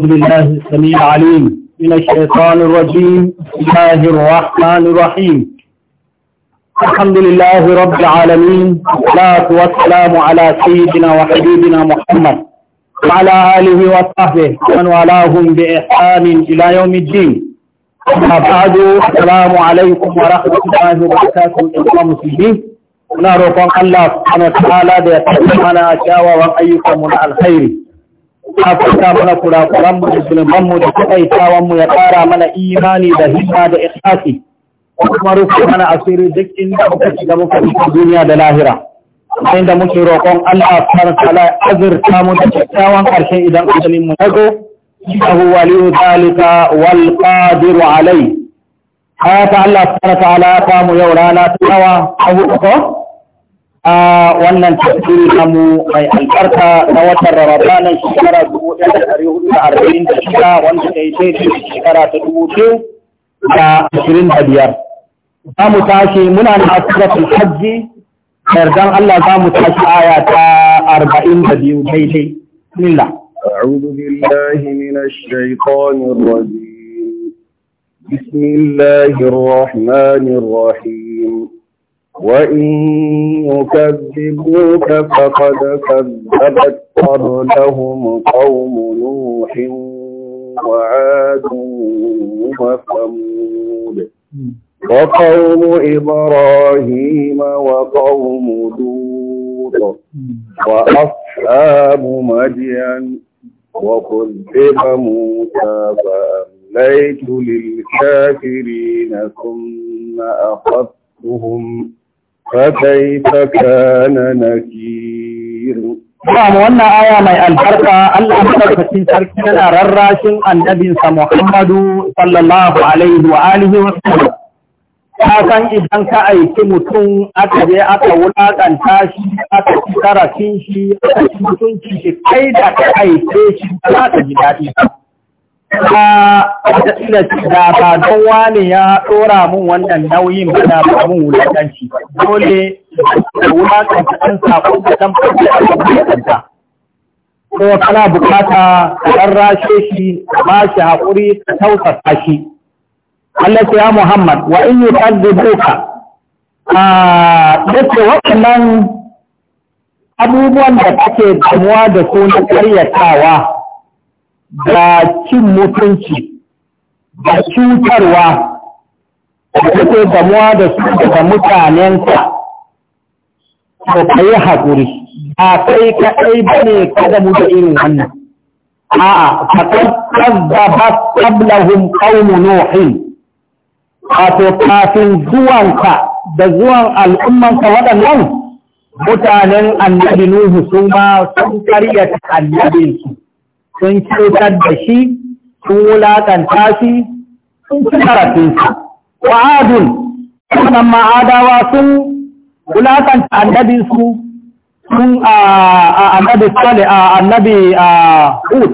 بالله السميع العليم من الشيطان الرجيم بسم الله الرحمن الرحيم الحمد لله رب العالمين والصلاة والسلام على سيدنا وحبيبنا محمد وعلى آله وصحبه ومن والاهم بإحسان إلى يوم الدين أما بعد السلام عليكم ورحمة الله وبركاته أيها المسلمين muna roƙon Allah subhanahu wa ta'ala da ya tabbata mana kyawawan gafarta mana mu, da zulmanmu da mu ya kara mana imani da himma da ikhlasi kuma rufe mana asiri duk inda muka shiga muka fita duniya da lahira sai da muke roƙon Allah subhanahu ta'ala azurta mu da kyakkyawan ƙarshe idan ajalin mu tago innahu waliyu zalika wal qadiru alai ta Allah subhanahu ta'ala ta mu yau rana ta tawa a ko a wannan tafsiri namu mai albarka na watan ramadanin shekara dubu ɗaya da ɗari hudu da arba'in da shida wanda ta yi daidai da shekara ta dubu biyu da ashirin da biyar. Za mu tashi muna na asiratul hajji yardan Allah za mu tashi aya ta arba'in da biyu daidai. Bismillah. أعوذ بالله من الشيطان الرجيم بسم الله الرحمن الرحيم وإن يكذبوك فقد كذبت قبلهم قوم نوح وعاد وثمود وقوم إبراهيم وقوم لوط وأصحاب مدين وكذب موسى فأمليت للكافرين ثم أخذتهم فكيف كان نكير Ba mu wannan aya mai albarka Allah madaukakin sarki yana rarrashin annabinsa Muhammadu sallallahu alaihi wa alihi wa sallam. Ka san idan ka aiki mutum aka je aka wulakanta shi aka ci karafin shi aka ci mutunci shi kai da ka aike shi ba za ka ji daɗi wataƙila da ba don wani ya ɗora mun wannan nauyin ba da ba mun wulaƙanci dole da wulaƙanci ɗan saƙon da ɗan fata ko kana bukata ka rarrashe shi ka ba shi haƙuri ka tausasa shi Allah ya Muhammad wa in yi kaddibuka a yace waɗannan abubuwan da kake damuwa da su na karyatawa da cin mutunci da cutarwa da kake damuwa da su daga mutanenka to ka yi haƙuri ba kai kaɗai ba ne ka damu da irin wannan a'a faƙar ƙazzabat qablahum qaumu nuhin wato kafin zuwanka da zuwan al'ummanka waɗannan mutanen annabi nuhu su sun karyata annabinsu sun cutar da shi sun wulaƙanta shi sun ci karatunsa wa'adun sannan ma'adawa sun wulaƙanta annabinsu sun a annabi sale a annabi a hud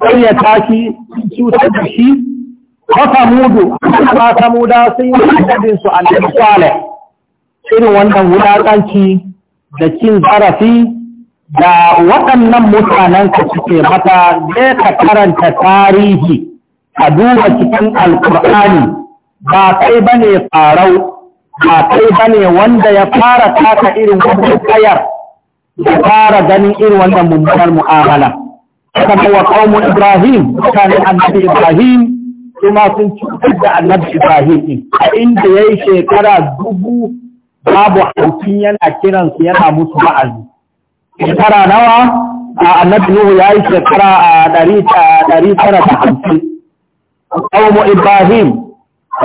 ƙaryata sun cutar da shi wata mudu ba ta muda sun yi annabinsu annabi sale irin wannan wulaƙanci da cin zarafi da waɗannan mutanen ka suke mata zai ka karanta tarihi a duba cikin alkur'ani ba kai ba ne farau ba kai ba ne wanda ya fara taka irin wani kayar ya fara ganin irin wannan mummunar mu'amala kan wa ibrahim mutanen annabi ibrahim kuma sun cutar da annabi ibrahim a inda yayi shekara dubu babu hamsin yana kiransu yana musu wa'azi shekara nawa a annabi Nuhu ya yi shekara a ɗari tara da hamsin. Ƙaumu Ibrahim,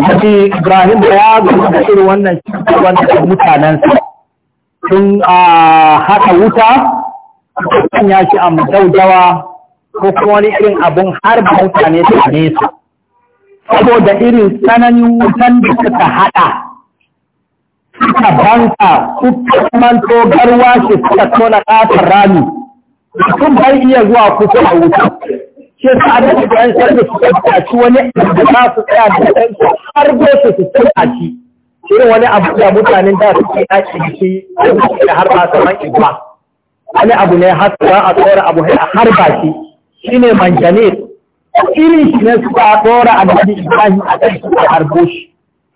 mafi Ibrahim da ya gudu da irin wannan cikin da mutanensa sun haɗa wuta, sun ya shi a madaudawa ko kuma wani irin abun harba mutane su nesa. Saboda irin tsananin wutan da suka haɗa suka banka suka manto garwa shi suka tona ƙasar rami sun bai iya zuwa kusa a wuta ke sa da ɗan sarki suka tashi wani da ba su tsaya da ɗan har gosu su tsaya shi irin wani abu da mutanen da suke ɗaki da shi da har ba su man igba wani abu ne har a tsora abu a har ba shi shine manjane irin shi ne suka tsora a ibrahim a ɗan su harbo shi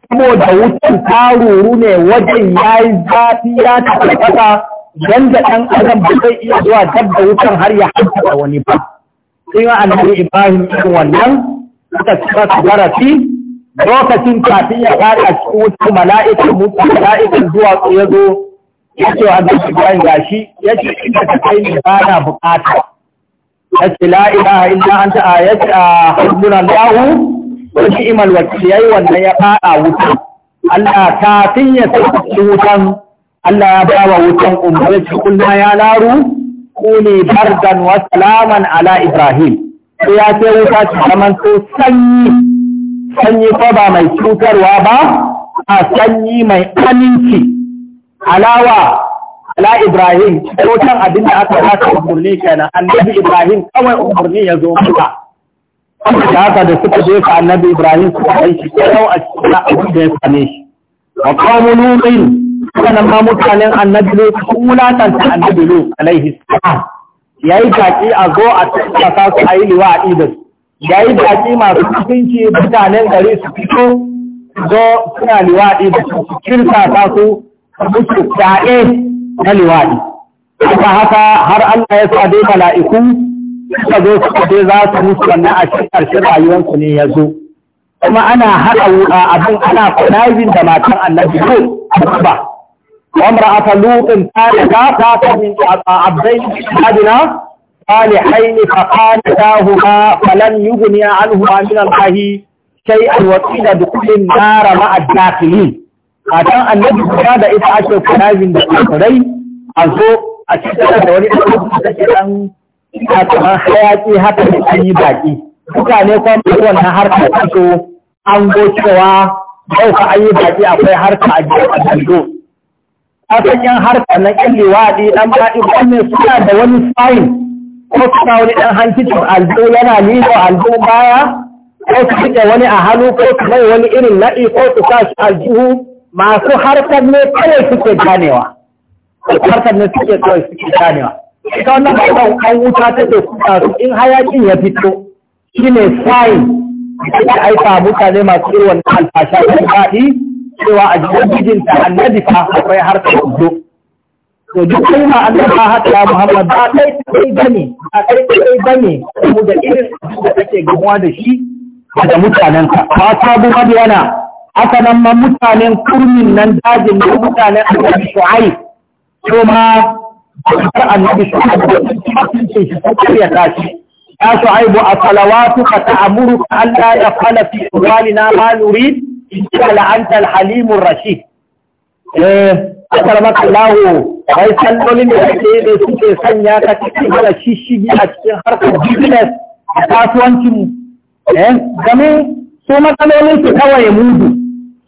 saboda wutan ta ruru ne wajen ya yi zafi ya don da ɗan adam ba zai iya zuwa dab wutan har ya da wani ba sai ma yi ibrahim irin wannan suka cika su garafi lokacin kafin ya fara a cikin wutan mala'ikan mutu mala'ikan su ya zo ya ce wa annabi ibrahim gashi ya ce inda ta kai ne ba na bukata ya ce la'ila ilaha illa anta ayat a imal wacce ya yi wannan ya fara wuta Allah kafin ya saki wutan Allah ya ba wa wutan umarci kullum ya laru ne bardan wa salaman ala Ibrahim sai ya ce wuta ta zaman to sanyi sanyi ko ba mai cutarwa ba a sanyi mai aminci alawa ala Ibrahim, kyautan abin da aka haka umarni kenan, annabi Ibrahim kawai umarni ya zo muka. da haka da suka je ka annabi Ibrahim suka kai shi kyau a cikin abin da ya same shi wa qamu lutin kana ma mutanen annabi ne su wulatan ta annabi lut alaihi ya yi baki a zo a tsaka su liwa a da ya yi baki masu cikinci mutanen gari su fito zo suna a da su kirka ta su musu ta'e na liwadi haka haka har Allah ya sa dai mala'iku suka zo suka dai mutu sannan a cikin ƙarshen rayuwarsu ne ya kuma ana haɗa wuƙa abin ana kulabin da matan annabi ko ba wamra ata lutun ta riga ta ta min abdai adina salihaini fa qala lahuma fa lam yughni anhuma min allahi shay'an wa qila dukhulin nar ma ad-dakhili atan annabi ya da ita ake kulabin da kurai a zo a da wani abu da ke dan ina kamar hayaki haka da an yi baki mutane kuma wannan harka a so an go cewa yau ka an yi baki akwai harka a gefen dando akan yan harka na yan liwaɗi ɗan baɗi wannan suna da wani sayin ko suna wani ɗan hankicin aljo yana lilo aljo baya ko su wani a hannu ko su mai wani irin na'i ko su sa shi aljihu masu harkar ne kawai suke ganewa harkar ne suke kawai suke ganewa ita wannan matan an wuta ta ke suka su in hayakin ya fito shi ne sign da aika mutane masu irwan alfasha da faɗi cewa a jikin ta annabi fa akwai ta kudo to duk kalma annabi haka Muhammad ba kai kai bane ba kai kai bane mu da irin da ake gamuwa da shi da mutanen ka ba sabu madiyana haka nan ma mutanen kurmin nan dajin da mutanen annabi shu'aib to ma ta annabi su sun ce shi ta karya tashi ya su aibu a salawatu ka ta'amuru ka Allah ya fala fi uralina ma nurid inna la anta al-halimur rashid eh akara maka bai sallolin da kake da suke sanya ka cikin hala shishigi a cikin harkar business a kasuwancin mu eh game su matsalolin su kawai mudu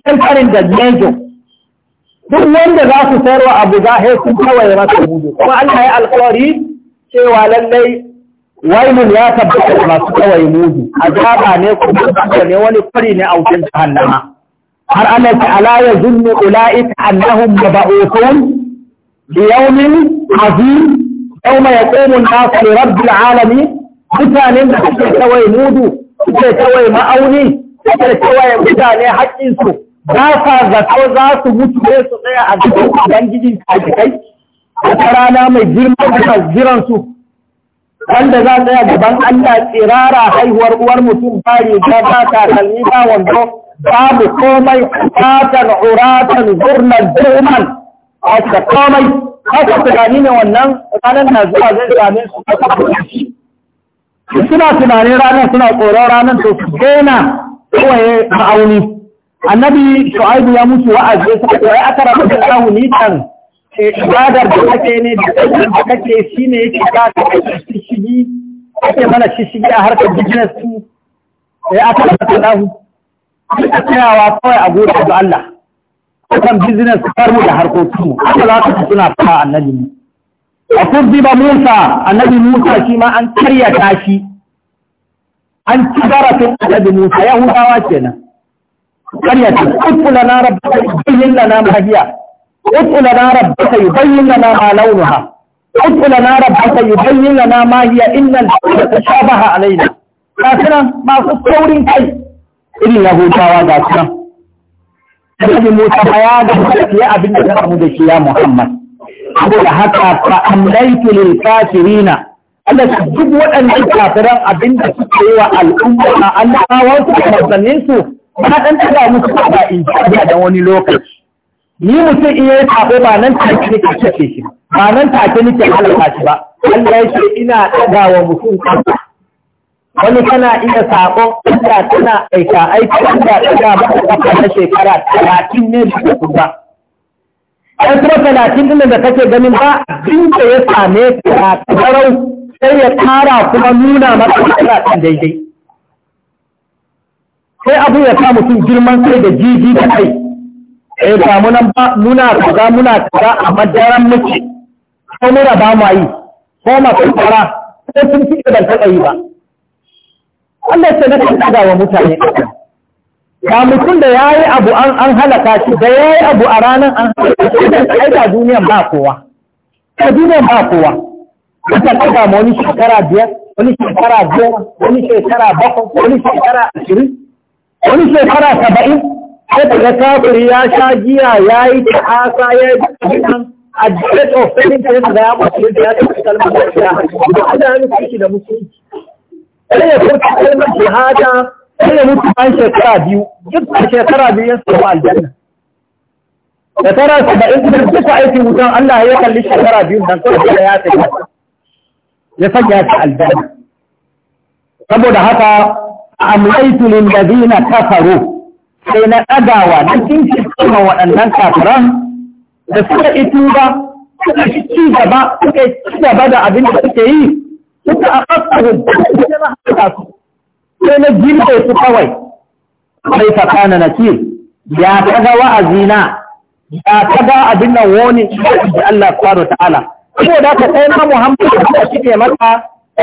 kan karin da mejo duk wanda za su sayarwa abu za a sun kawai masa gudu kuma Allah ya alkawari cewa lallai wailun ya tabbata masu kawai mudu azaba ne kuma da ne wani fari ne a wucin jahannama har Allah ta ala ya zunnu ulaika annahum mab'uthun bi yawmin azim yawma yaqumu an-nasu li rabbil alamin mutanen da suke kawai mudu suke kawai ma'auni suke kawai mutane haƙƙinsu ba sa zato za su mutu ne su tsaya a cikin ubangijin kajikai a ta rana mai girma da su, wanda za tsaya gaban Allah tsirara haihuwar uwar mutum ba ne, ba takalmi ba wando babu komai fatan uratan gurnan a cikin komai haka tunani ne wannan ranar na zuwa zai same su haka tunani suna tunanin ranar suna tsoron ranar to su daina kawai ma'auni annabi shu'aibu ya mutu wa'azi sai ya akara da Allah ni kan ibadar da kake ne da da kake shine yake ka kake shishigi kake mana shishigi a harkar business din ya akara da Allah ka tsayawa kawai a gode da Allah kan business kar mu da harkokin mu Allah ka suna fa annabi mu a ba Musa annabi Musa shi ma an karyata shi an ci zarafin annabi Musa Yahudawa kenan قرية ادخل لنا ربك يبين لنا ما هي ادخل لنا ربك يبين لنا ما لونها ادخل لنا ربك يبين لنا ما ta إن الحق تشابه علينا لكن ما سطور كي إنه تواضع كنا Annabi Musa ya ga ya abin da ka da shi ya Muhammad. Saboda haka fa amlaitu lil kafirina Allah ya duk waɗannan kafiran abin da suke yi wa al'umma Allah wasu da manzanninsu na ɗan taɓa musu ba in ji da wani lokaci ni mutum in yi sabo ba nan take nake kace shi ba nan take ke halaka shi ba Allah ya ce ina ɗaga wa mutum kafa wani kana iya saƙo inda tana aika aiki inda ɗaga ba kafa na shekara talatin ne da kuma ɗan kuma talatin ɗin da kake ganin ba abin ya same ka tarau sai ya tara kuma nuna maka kana ɗan daidai sai abu ya sa mutum girman sai da jiji da kai eh ba nan ba muna kaza muna kaza a madaran muke ko mura ba mu yi ko ma kai fara ko sun fi da ta yi ba Allah ce na kan wa mutane ba mutum da ya yi abu an halaka shi da ya abu a ranar an halaka shi da aika duniyan ba kowa ta duniyan ba kowa wata kaga ma wani shekara biyar wani shekara biyar, wani shekara bakwai wani shekara ashirin wani shekara saba'in sai daga kafiri ya sha giya ya yi ta'asa ya yi nan a date of selling ta da ya mutu da ya tafi kalmar da ya haɗu da ana nufi shi da musulunci sai ya furta kalmar shahada sai ya mutu an shekara biyu duk a shekara biyu ya samu aljanna da tara saba'in da duka aikin wutan Allah ya kalli shekara biyu dan kawai da ya tafi ya sanya ta aljanna saboda haka amlaitu lil ladina kafaru sai na ɗagawa na kinkin kuma waɗannan kafiran da suka itu ba suka ci gaba suka ci gaba da abin da suke yi suka a ƙasarun da su sai na girbe su kawai sai ta kana na ce ya kaga wa'azina ya kaga abin nan wani da Allah subhanahu wa ta'ala saboda ka sai ma Muhammad da shi ne maka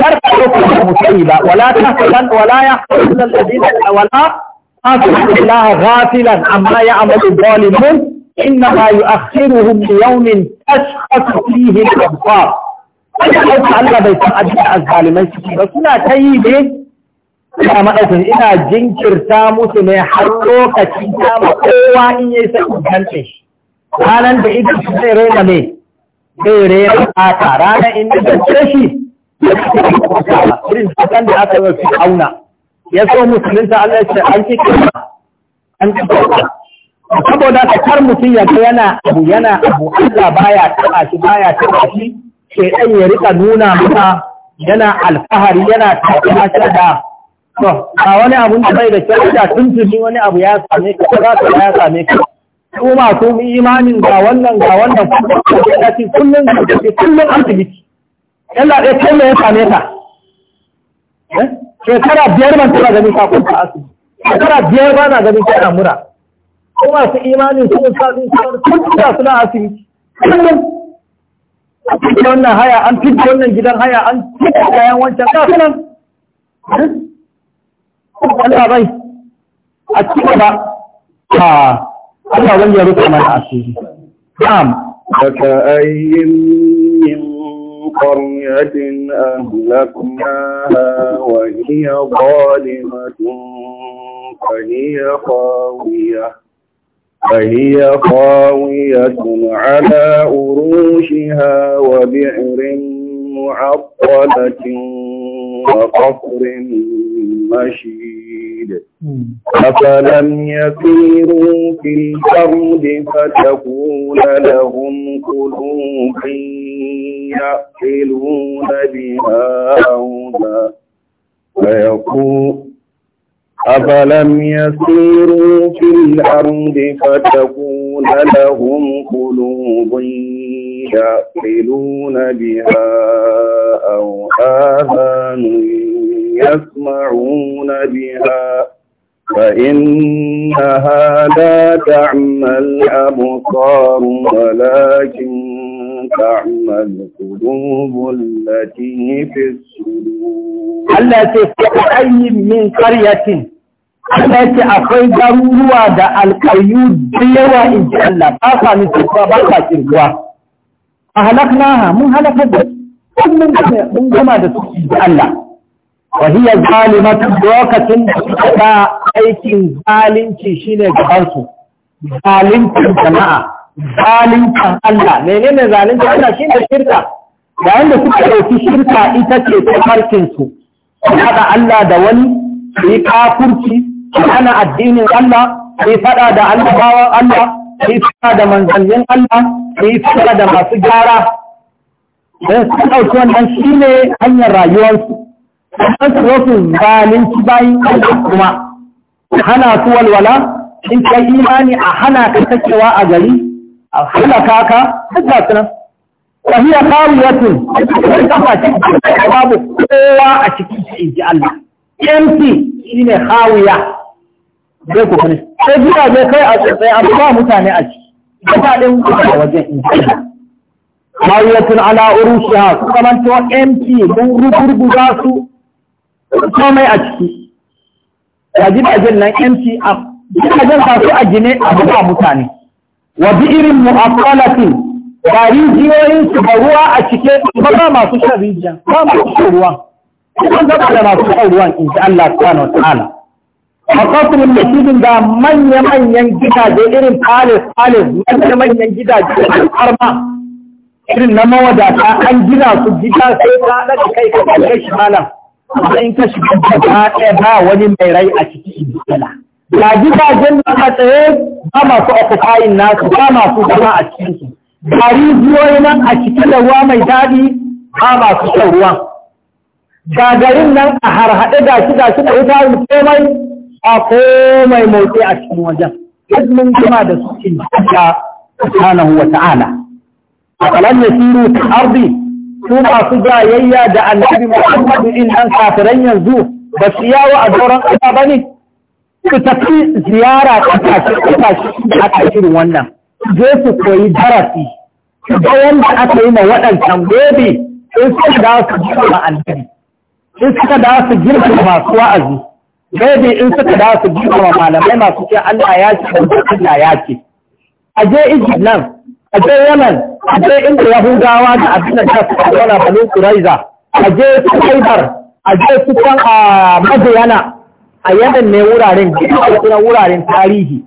تركوا المصيبة ولا تحسن ولا يحسن الذين ولا تحسن الله غافلا عما يعمل الظالمون إنما يؤخرهم ليوم تشخص فيه الأبصار Allah bai san abin da azzalimai suke ba suna ta yi ne ina maɗaukin ina jinkirta musu ne har lokaci ta ma kowa in yi sai kudanta shi ranar da idan zai rena ne zai rena fata ranar in da shi irin hakan da aka yi fi auna ya so musulunta Allah ce an kike an kike saboda ka kar mutum ya ga yana abu yana abu Allah baya taba shi baya taba shi sai dan ya rika nuna maka yana alfahari yana tafiya da to ba wani abun da bai da kyau da tuntuni wani abu ya same ka kaza kaza ya same ka su masu imanin ga wannan ga wannan kullum kullum asibiti Allah ɗaya kai mai ya same ka eh? shekara biyar ban taba ganin ka kwanta asibiti shekara biyar ba na ganin kana mura Kuma su imani sun sa sun sa kun da suna asibiti kullum a cikin wannan haya an fitta wannan gidan haya an fitta kayan wancan ka sunan eh? Allah bai a cikin ba ha Allah wani ya rufe mana asiri na'am daga ayyin قرية أهلكناها وهي ظالمة فهي خاوية فهي خاوية على أروشها وبئر معطلة وقصر مشيد أفلم يسيروا في الأرض فتكون لهم قلوب يعقلون بها أو فيقول أفلم يسيروا في الأرض فتكون لهم قلوب يعقلون بها أو آذان يسمعون بها فإنها لا تعمى الأبصار ولكن تعمى القلوب التي في الصدور الله تستحي من قرية Allah ce akwai garuruwa da alƙaryu da yawa in ji Allah ba sa nufinta ba sa kirguwa. A halaknaha mun halakar da kullum su Allah. aikin zalunci shine gabansu zalunci jama'a zalincin Allah menene zalincin Allah ne shirka da da suka ɗauki shirka ita ce ta farkin su haɗa Allah da wani su yi kafurci su hana addinin Allah su yi faɗa da annabawan Allah su yi faɗa da manzannin Allah su yi faɗa da masu gyara don su ɗauki wannan shi ne hanyar rayuwarsu sannan su wasu zalunci bayan Allah kuma hana su walwala in kai imani a hana ka sakewa a gari a hana ka haka suna wahiyar kawiyatun a kafa ce babu kowa a cikin shi in ji Allah empty shi ne hawiya zai ku kone sai zai kai a tsotsai an ba mutane a ciki da faɗin a wajen in ji Allah kawiyatun ala urushiha su kamanto empty mun za su komai a ciki ga gidajen nan MTF gidajen ba su a gine a buga mutane wa bi irin mu'affalatin ba rijiyoyin su ba ruwa a cike ba ba masu shan rijiya ba masu shan ruwa kuma zaba da masu shan ruwan in ji Allah subhanahu wa ta'ala a kasurin masjidin da manya-manyan gidaje irin palace-palace manya-manyan gidaje da har ma irin na mawadata an gina su gida sai ta daga kai ka kai shi malam amma in ka shiga gaba ɗaya ba wani mai rai a cikin ibtala ga gidajen da aka tsaye ba masu ofisayin nasu ba masu zama a cikin su ga rijiyoyi nan a cikin da ruwa mai daɗi ba masu shan ruwa ga garin nan a harhaɗe ga shi ga shi da wuta komai a komai motsi a cikin wajen duk mun gama da su in ta subhanahu wa ta'ala a kalan yasiru ta ardi su masu zayayya da annabi Muhammadu in nan kafiran yanzu ba su yawo a doron ƙasa ba ne su tafi ziyara ƙasashe da aka shirin wannan je su koyi darasi ga wanda aka yi ma waɗancan gobe in suka dawo su girma annabi in suka dawo su girma masu wa'azi gobe in suka dawo su girma malamai masu ce Allah ya ce Allah ya ce a je Egypt nan a je Yemen a je inda yahudawa da abin ta su kwana banu a je su haibar a je su kan a madiyana a yadan ne wuraren da kuma wuraren tarihi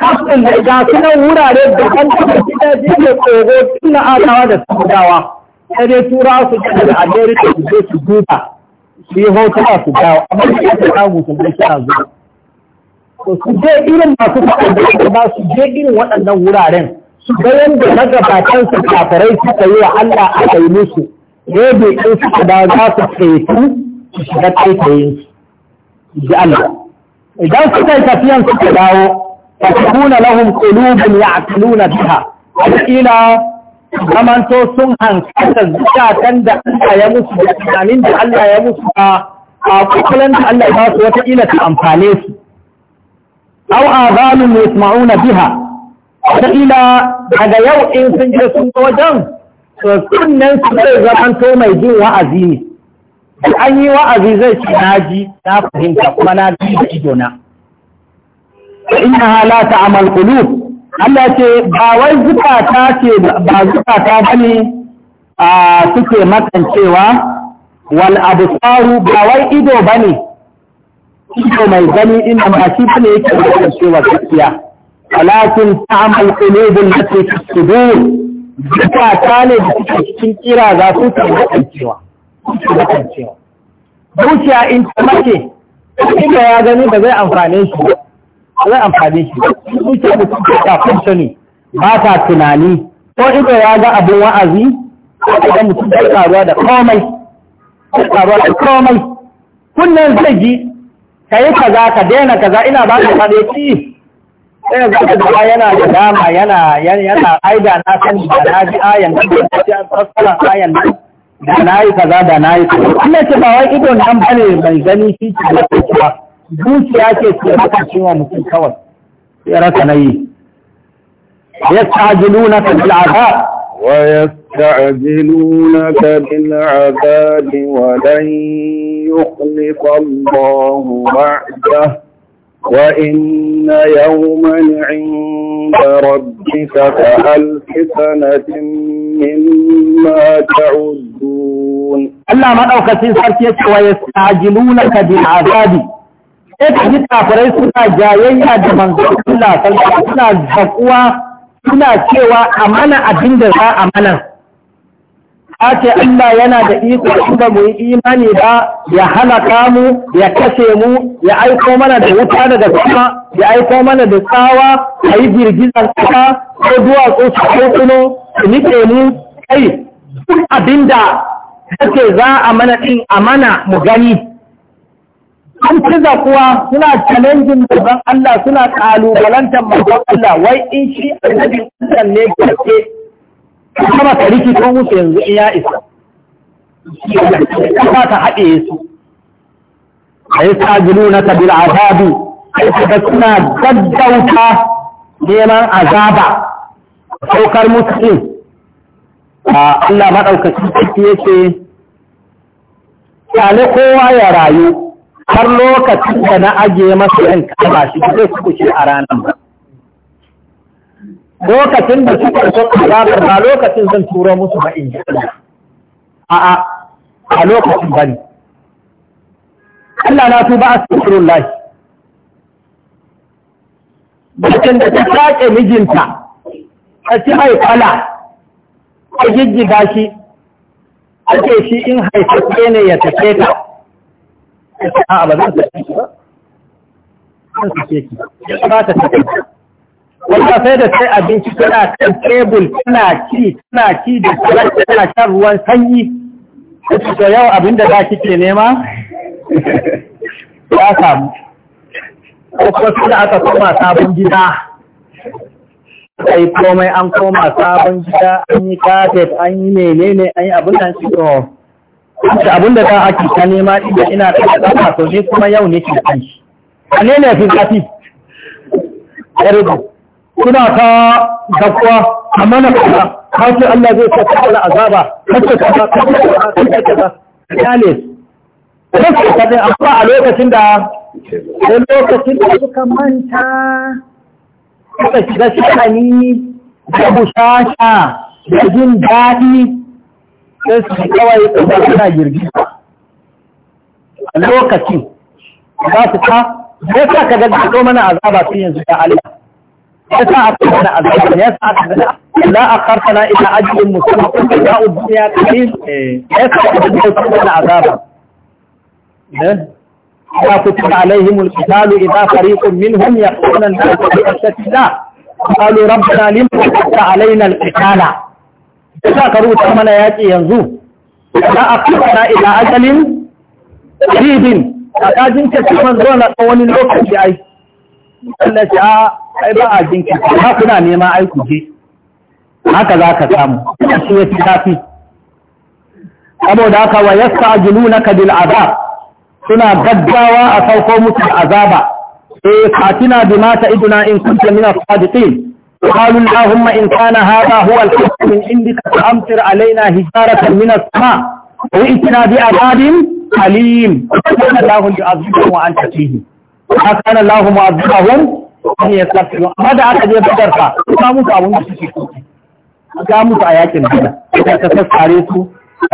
kafin da ga sunan wurare da kan kuma gida jirgin kogo tun na adawa da samudawa sai dai tura su da daga amerika su je su duba su yi hotuna su dawo amma da ya ta samu su zai kira zuwa su je irin masu faɗin da ba su je irin waɗannan wuraren da yadda magabatan su kafirai suka yi wa Allah a kai musu yadda in suka da za su ceto su shiga kai su ji Allah idan su kai tafiyan suka dawo fatakuna lahum qulubun ya'qiluna biha wakila zamanto sun hankata zukatan da Allah ya musu da tunanin da Allah ya musu a kukulan da Allah ya ba wata ila ta amfane su aw azanun yasma'una biha wataƙila daga yau in sun je sun ga wajen to kunnen su zai zamanto mai jin wa'azi ne da an yi wa'azi zai ce na ji na fahimta kuma na ji da ido na inna hala ta qulub Allah ce ba wai zukata ce ba zukata bane a suke makancewa wal absaru ba wai ido bane ido mai gani inda ma shi bane yake makancewa gaskiya walakin ta'amal qulubul lati fi sudur zakata ne da kira za su ta makancewa zuciya in ta mace inda ya gani ba zai amfane shi ba zai amfane ta functioning ba ta tunani ko ido ya ga abin wa'azi ko idan mutum ya da komai ya zai ji ka yi kaza ka daina kaza ina ba ka faɗe ci sai ga gaba yana da dama yana yana aida na sani da na ji ayan da ta tsara ayan da na yi kaza da na yi kaza Ina ce ba wai idon nan bane mai gani shi ke da cewa zuciya ce ke maka cewa mutum kawai sai rasa nayi yastajilunaka bil azab wa yastajilunaka bil azab wa lan yukhliqa Allahu wa'dahu وإن يوما عند ربك كألف سنة مما تعدون الله ما أوكسين سرتيك ويستعجلونك بالعذاب إذا kafirai suna jayayya da manzon Allah sallallahu alaihi wasallam suna zakuwa suna cewa amana abin da za a ce Allah yana da iko da mu yi imani ba ya halaka mu ya kashe mu ya aiko mana da wuta daga sama ya aiko mana da tsawa a yi girgizar kasa ko duwatsu su kokuno su nike mu kai abinda kake za a mana ɗin amana mu gani an ciza kuwa suna challenging daban Allah suna kalubalantar mabon Allah wai in shi annabin ne gaske kuma ka rikito musu yanzu in ya isa kuma ka haɗe su a yi sajilu na tabil azabi da suna gaggauta neman azaba saukar musulun a Allah maɗaukaki sarki yake tsale kowa ya rayu har lokacin da na ajiye masu yanka ba shi zai kuce a ranar ba lokacin da suka so azabar ba lokacin zan turo musu ba in ba a a a lokacin bane Allah na tuba astaghfirullah bakin da ta sake mijinta a ci mai kala a jijjiga shi a ce shi in haifafe ne ya take ta a ba zan sake ki ba zan sake ki ya ba ta take ta wanda sai da sai abinci tana kan tebul tana ci tana ci da salati tana shan ruwan sanyi to yau abin da za ke nema ya samu ko kuma sai aka koma sabon gida sai komai an koma sabon gida an yi kafet an yi menene an yi abin nan shi to abin da za a kita nema idan ina ta kasa to ne kuma yau ne ke kan shi ne ne fi zafi ya rubu kuna ta dakuwa a mana kaza ka ce Allah zai sa kaza azaba kace kaza kace kaza kace kace kaza amma a lokacin da sai lokacin da suka manta suka shiga shani da bushasha da jin daɗi sai su kawai kuma suna girgiza a lokacin za su ta sai sa ka gaggado mana azaba sun yanzu da Allah يسعى أطلنا لا أخرتنا إلى أجل مسلم جاء الدنيا كريم يسعى إيه. أطلنا إيه عذابا إيه. إذا كتب عليهم القتال إذا فريق منهم يقولون الناس بأشة الله قالوا ربنا لم تحت علينا القتال إذا كروت من يأتي ينزو لا أخرتنا إلى أجل قريب أكاد يمكن أن تكون دون في أي بأي التي ai ba a jinki ba kuna nema aiki ku haka za ka samu shi ya fi saboda haka wa yasta na bil azab suna gaggawa a sauko musu azaba e eh, katina bima mata iduna in kunta min as-sadiqin قالوا اللهم إن كان هذا هو الحق من عندك فأمطر علينا هجارة من السماء وإتنا بأباد أليم وكان الله يعذبهم وأنت فيهم وكان الله معذبهم an ya sa amma da aka je badar fa ka musu abin da suke so ka mutu a yakin badar aka ka sassare su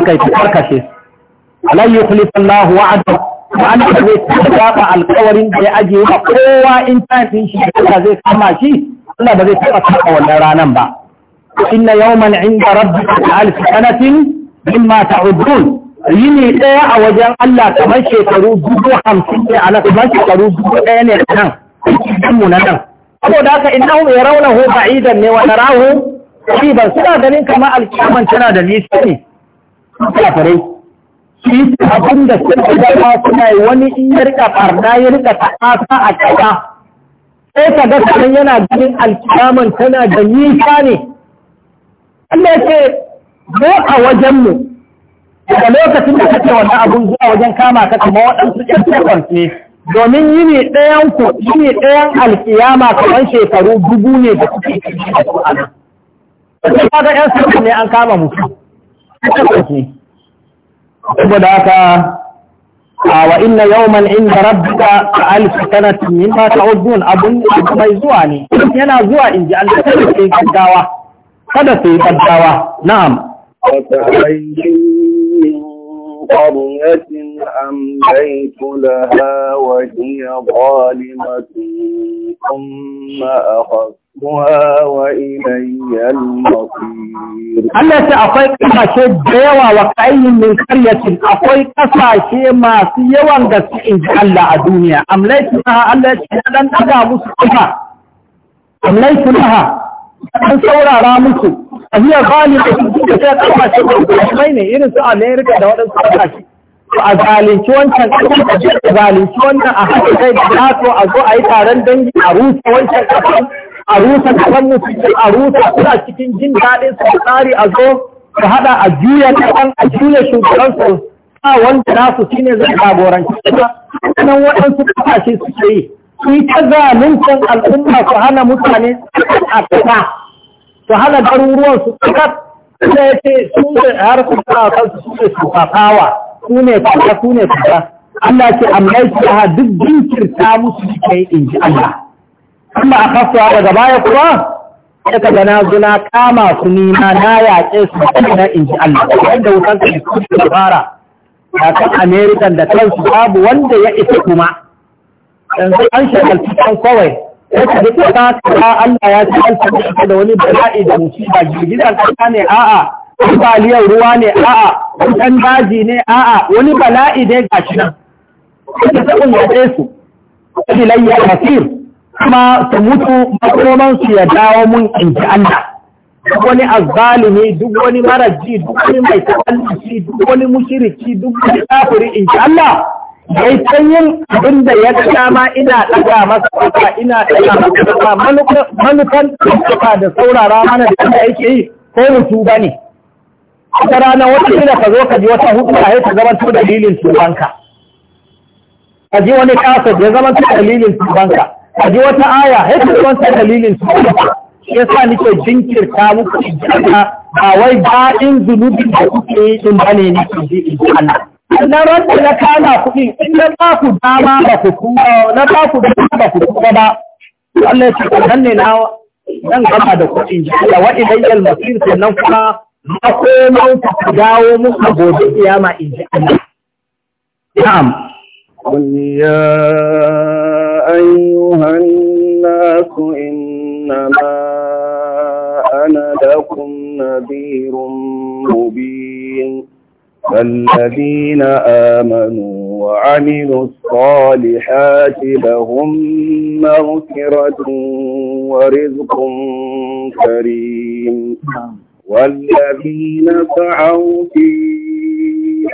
aka yi karkashe su alan yukhlifu Allah wa'ada wa an zai kafa alkawarin da ya ajiye wa kowa in tafin shi da zai kama shi Allah ba zai taɓa kafa wannan ranan ba inna yawman inda rabbika alf sanatin mimma ta'udun yini ɗaya a wajen Allah kamar shekaru dubu hamsin ne a nan kamar shekaru dubu ɗaya ne a nan mu na nan saboda haka innahum ba ba'idan ne wa narahu qariban suna ganin kama alkiyaman tana da nisa ne kafirai shi abin da suka gaba suna yi wani in ya riƙa barna ya rika ta'asa a ƙasa. sai ka ga kamar yana ganin alkiyaman tana da nisa ne Allah ya ce mu a wajenmu daga lokacin da kake wannan abun zuwa wajen kama ka kamar waɗansu ƴan takwas ne domin yini ɗayan ku ne ɗayan alkiyama kamar shekaru dubu ne da kuke cikin da Kuma ga ‘yan sarki ne an kama mutu. da haka a wa inna yawman inda rabbika a alfi tana ba ta ta'udun abun mai zuwa ne yana zuwa inji Allah kada sai gaggawa kada yi gaggawa na'am قرية أمليت لها وهي ظالمة ثم أخذتها وإلي المصير الله سأقول كما شيء بيوى وكأي من قرية أقول كما شيء ما سيوى قسئين جعل الدنيا أمليت لها الله شهدا أدى مصرها أمليت لها أن سورة رامسه da هي غالبة ta kasashe kuma ne irin su Amerika da waɗansu kasashe. A zalunci wancan ƙasar a zalunci wannan a haɗa kai da NATO a zo a yi taron dangi a rusa wancan ƙasar a rusa ƙasar musulmi a rusa suna cikin jin daɗin su tsari a zo su haɗa a juya ƙasar a juya shugaban su a wanda na su shine zai jagoranci ƙasa. Sannan waɗansu ƙasashe suke yi. Ita zaluntan al'umma su hana mutane a ƙasa. su hana garuruwan su tsakat da ya ce su ne har su kawo kansu su ne shukafawa su ne kuka su ne kuka. Allah ce amma yake ha duk jinkirta musu kai in ji Allah amma a fasuwa daga baya kuma sai ka gana zuna kama su nima na yaƙe su da in ji Allah wanda wutan ka su da fara da kan American da kansu babu wanda ya isa kuma yanzu an shagalci kan kawai ko ka ji ta Allah ya ci alfa da wani bala'i da musiba girgizar kasa ne a'a ambaliyar ruwa ne a'a wutan daji ne a'a wani bala'i dai Ya nan kuma sabon ya tsaye su ilayya masir kuma su mutu makoman su ya dawo mun in ji Allah duk wani azzalimi duk wani maraji duk wani mai ta'alluci duk wani mushiriki duk wani kafiri in ji Allah bai san yin abin da ya ga ma ina ɗaga masa kuka, ina ɗaga masa kuka. manufan ƙafa da saurara mana da inda ke yi ko mutu ba ne wata rana wata da ka zo ka ji wata hudu a ta zamanto dalilin tubanka ka ji wani kasa ya zamanto dalilin tubanka ka ji wata aya ya ta zamanto dalilin tubanka ya sa nike jinkirta muku ijiyata ba wai ba'in zunubin da kuke yi ɗin bane ne ke ji ijiyana na rantsa na kama kuɗi in na ba ku dama ba ku kuma na ba ku dama ba ku kuma ba Allah ce ku ne na zan gama da kuɗin ji Allah wa ilayya al-masir sannan kuma ma komai ku dawo a gobe kiyama in ji Allah na'am قل يا أيها الناس إنما أنا لكم نذير مبين فالذين آمنوا وعملوا الصالحات لهم مغفرة ورزق كريم والذين سعوا في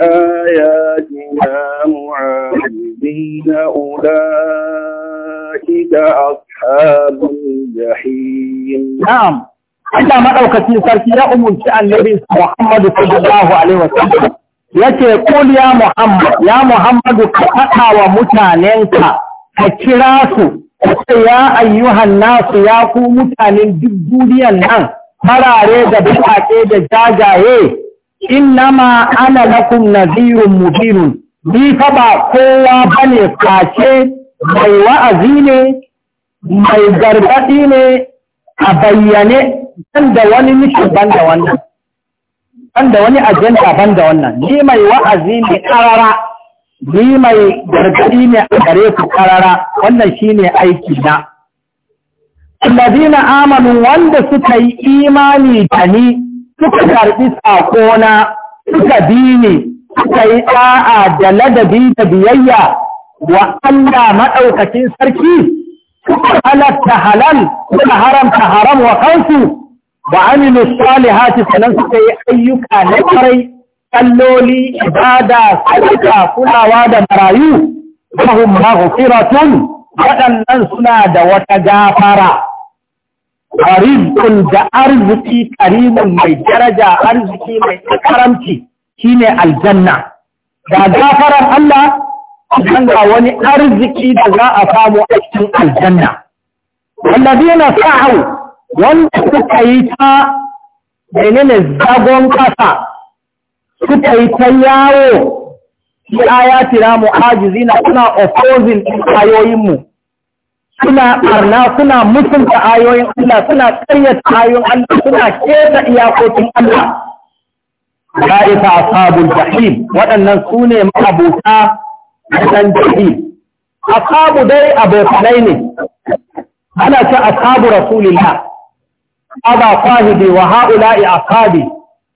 آياتنا معاذين أولئك أصحاب الجحيم نعم عندما أوكت سرسي أمو الشأن النبي محمد صلى الله عليه وسلم yace kul ya muhammad ya muhammadu ka faɗa wa mutanenka ka kira su ka ya ayyuhan nasu ya ku mutanen duk duniyan nan farare da baƙaƙe da jajaye innama ana lakum nadhirun mubinun ni fa ba kowa bane face mai wa'azi ne mai gargaɗi ne a bayyane ban da wani nishin ban da wannan ban da wani ajenda ban da wannan ni mai wa'azi ne karara ni mai gargadi ne a gare ku karara wannan shine aiki na alladina amanu wanda suka yi imani da ni suka karbi na suka bi ni suka yi a'a da ladabi da biyayya wa Allah madaukakin sarki suka halatta halal suka haramta haram wa kansu Ba amilu salihati sanan suka yi ayyuka na kwarai kalloli ibada sadaka kulawa da marayu lahum maghfiratun waɗannan suna da wata gafara qaribun da arziki karimun mai daraja arziki mai karamci shine aljanna da gafaran Allah kan ga wani arziki da za a samu a cikin aljanna والذين سعوا wanda suka yi ta menene zagon ƙasa suka yi ta yawo shi ajizi na suna opposing din ayoyinmu suna barna suna mutunta ayoyin Allah suna karyata ayoyin Allah suna keta iyakokin Allah ra'ita asabun jahim waɗannan su ne ma'abuta dan jahim ashabu dai abokanai ne ana ce ashabu rasulillah aba sahibi wa ha'ula'i ashabi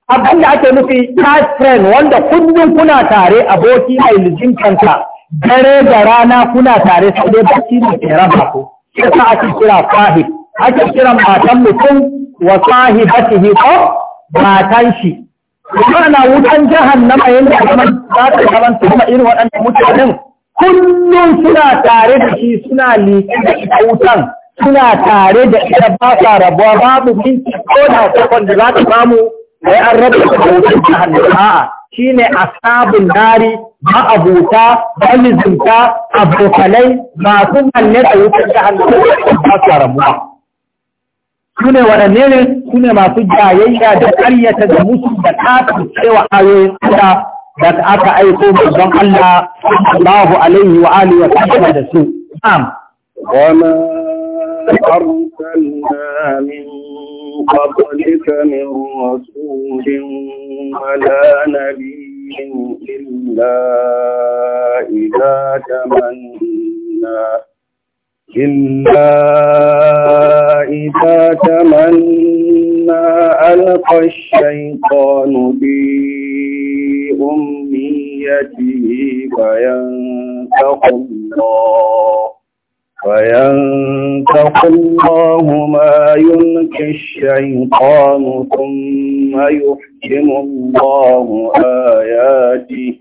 abin da ake nufi close friend wanda kullum kuna tare aboki a ilijin kanka dare da rana kuna tare sai dai baki ne ke raba ku sai ake kira sahib ake kira matan mutum wa sahibatihi ko matan shi na wutan jahannama yanda kuma za ta zama kuma irin waɗannan mutanen kullum suna tare da shi suna liƙe da ita wutan suna tare da ita ba sa rabuwa babu minti ko da sakon da za ta samu sai an rabu da hoton jahannama a'a shine ba nari ma'abuta malizinta abokanai masu manne da wutar jahannama ba sa rabuwa su ne waɗanne ne su ne masu jayayya da ƙaryata da musu da kafin cewa ayoyin Allah da aka aiko manzon Allah sallallahu alaihi wa alihi wa sallam da su. Am. أرسلنا من قبلك من رسول ولا نبي إلا إذا تمنى إلا إذا تمنى ألقى الشيطان في أمنيته فينسخ الله فينتق الله ما يلقي الشيطان ثم يحكم الله آياته